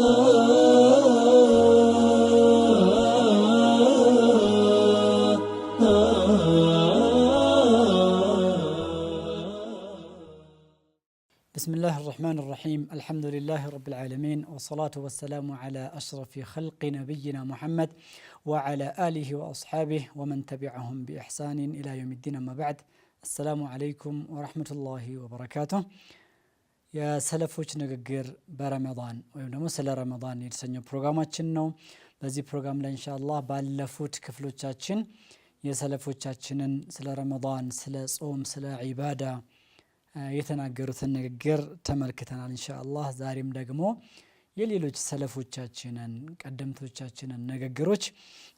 بسم الله الرحمن الرحيم الحمد لله رب العالمين والصلاة والسلام على أشرف خلق نبينا محمد وعلى آله وأصحابه ومن تبعهم بإحسان إلى يوم الدين ما بعد السلام عليكم ورحمة الله وبركاته የሰለፎች ንግግር በረመዳን ወይም ደግሞ ስለ ረመዳን የተሰኘው ፕሮግራማችን ነው። በዚህ ፕሮግራም ላይ እንሻላ ባለፉት ክፍሎቻችን የሰለፎቻችንን ስለ ረመዳን፣ ስለ ጾም፣ ስለ ዒባዳ የተናገሩትን ንግግር ተመልክተናል። እንሻላ ዛሬም ደግሞ የሌሎች ሰለፎቻችንን ቀደምቶቻችንን ንግግሮች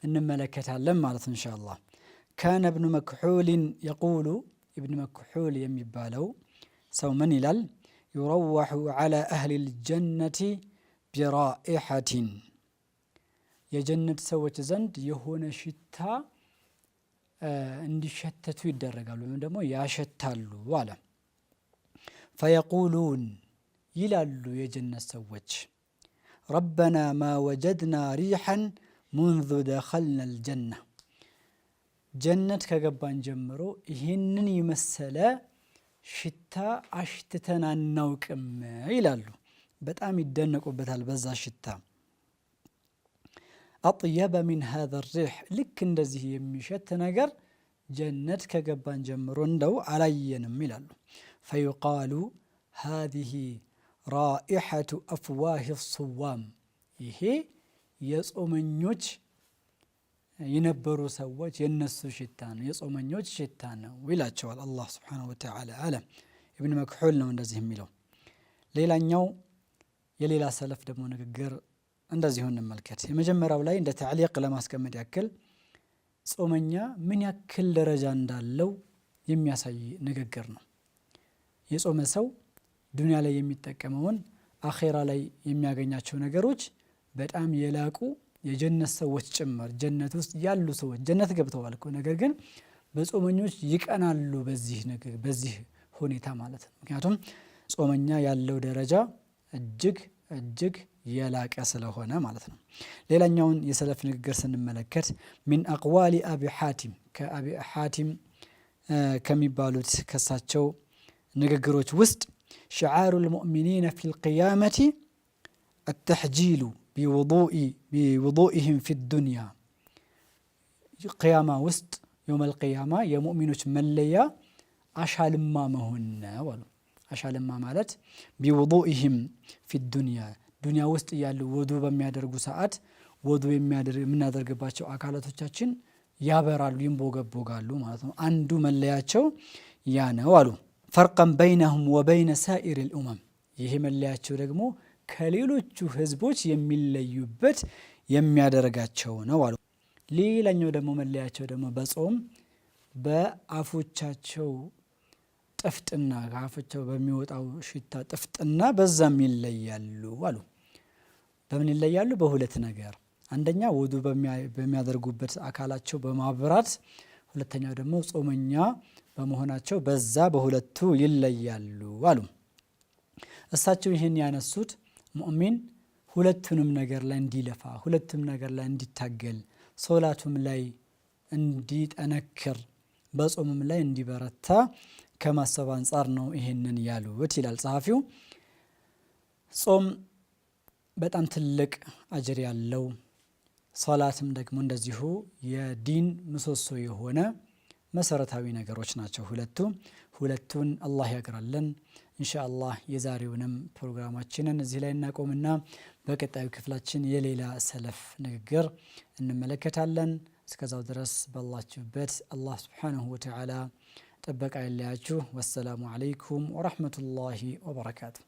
እንመለከታለን ማለት ነው። እንሻላ ካነ እብኑ መክሑልን የቁሉ ኢብን መክሑል የሚባለው ሰው ምን ይላል? ዩረዋሑ ዓላ አህሊል ጀነቲ ቢራኢሐቲን የጀነት ሰዎች ዘንድ የሆነ ሽታ እንዲሸተቱ ይደረጋሉ ወይም ደግሞ ያሸታሉ አለ። ፈየቁሉን ይላሉ የጀነት ሰዎች ረበና ማ ወጀድና ሪሐን ሙንዙ ደኸልና ልጀና ጀነት ከገባን ጀምሮ ይህንን የመሰለ ሽታ አሽትተን አናውቅም ይላሉ። በጣም ይደነቁበታል በዛ ሽታ። አጥየበ ሚን ሀዘ ሪሕ ልክ እንደዚህ የሚሸት ነገር ጀነት ከገባን ጀምሮ እንደው አላየንም ይላሉ። ፈዩቃሉ ሃዚህ ራኢሐቱ አፍዋህ ስዋም ይሄ የጾመኞች የነበሩ ሰዎች የነሱ ሽታ ነው፣ የጾመኞች ሽታ ነው ይላቸዋል። አላህ ስብሓነሁ ወተዓላ አለ። ኢብን መክሑል ነው እንደዚህ የሚለው። ሌላኛው የሌላ ሰለፍ ደግሞ ንግግር እንደዚሁ እንመልከት። የመጀመሪያው ላይ እንደ ተዕሊቅ ለማስቀመጥ ያክል ጾመኛ ምን ያክል ደረጃ እንዳለው የሚያሳይ ንግግር ነው። የጾመ ሰው ዱንያ ላይ የሚጠቀመውን አኼራ ላይ የሚያገኛቸው ነገሮች በጣም የላቁ የጀነት ሰዎች ጭምር ጀነት ውስጥ ያሉ ሰዎች ጀነት ገብተዋል እኮ ነገር ግን በጾመኞች ይቀናሉ በዚህ ነገር በዚህ ሁኔታ ማለት ነው። ምክንያቱም ጾመኛ ያለው ደረጃ እጅግ እጅግ የላቀ ስለሆነ ማለት ነው። ሌላኛውን የሰለፍ ንግግር ስንመለከት ሚን አቅዋሊ አቢ ሓቲም ከአቢ ሓቲም ከሚባሉት ከሳቸው ንግግሮች ውስጥ ሽዓሩ ልሙእሚኒነ ፊ ልቅያመቲ አተሕጂሉ ቢውዱኢህም ፊ ዱንያ ቅያማ ውስጥ የውመል ቅያማ የሙእሚኖች መለያ አሻልማ መሆን ነው አሉ። አሻልማ ማለት ቢውዱኢህም ፊ ዱንያ ዱንያ ውስጥ እያሉ ወዱ በሚያደርጉ ሰዓት ወዱ የምናደርግባቸው አካላቶቻችን ያበራሉ፣ ይንቦገቦጋሉ ማለት ነው። አንዱ መለያቸው ያ ነው አሉ። ፈርቀን በይነሁም ወበይነ ሳኢሪል ኡመም ይሄ መለያቸው ደግሞ ከሌሎቹ ህዝቦች የሚለዩበት የሚያደርጋቸው ነው አሉ። ሌላኛው ደግሞ መለያቸው ደግሞ በጾም በአፎቻቸው ጥፍጥና ከአፎቻቸው በሚወጣው ሽታ ጥፍጥና በዛም ይለያሉ አሉ። በምን ይለያሉ? በሁለት ነገር፣ አንደኛ ወዱ በሚያደርጉበት አካላቸው በማብራት ሁለተኛው ደግሞ ጾመኛ በመሆናቸው በዛ በሁለቱ ይለያሉ አሉ። እሳቸው ይህን ያነሱት ሙእሚን ሁለቱንም ነገር ላይ እንዲለፋ ሁለቱም ነገር ላይ እንዲታገል ሶላቱም ላይ እንዲጠነክር በጾምም ላይ እንዲበረታ ከማሰብ አንጻር ነው ይሄንን ያሉት ይላል ጸሐፊው። ጾም በጣም ትልቅ አጅር ያለው ሶላትም ደግሞ እንደዚሁ የዲን ምሰሶ የሆነ መሰረታዊ ነገሮች ናቸው። ሁለቱ ሁለቱን አላህ ያግራለን። ኢንሻአላህ የዛሬውንም ፕሮግራማችንን እዚህ ላይ እናቆምና በቀጣዩ ክፍላችን የሌላ ሰለፍ ንግግር እንመለከታለን። እስከዛው ድረስ ባላችሁበት አላህ ስብሓነሁ ወተዓላ ጥበቃ ይለያችሁ። ወሰላሙ ዓለይኩም ወረሕመቱላሂ ወበረካቱ።